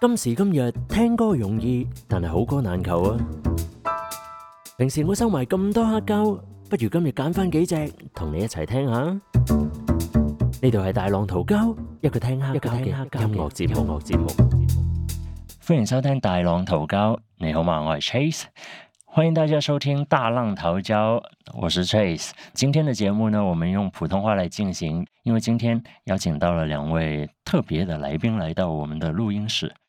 今時今日聽歌容易，但係好歌難求啊！平時我收埋咁多黑膠，不如今日揀翻幾隻同你一齊聽下。呢度係大浪淘膠，一個聽黑膠嘅音樂節目。節目歡迎收聽大浪淘膠，你好嗎？我係 Chase，歡迎大家收聽大浪淘膠，我是 Chase。今天的節目呢，我們用普通話來進行，因為今天邀請到了兩位特別的來賓來到我們的錄音室。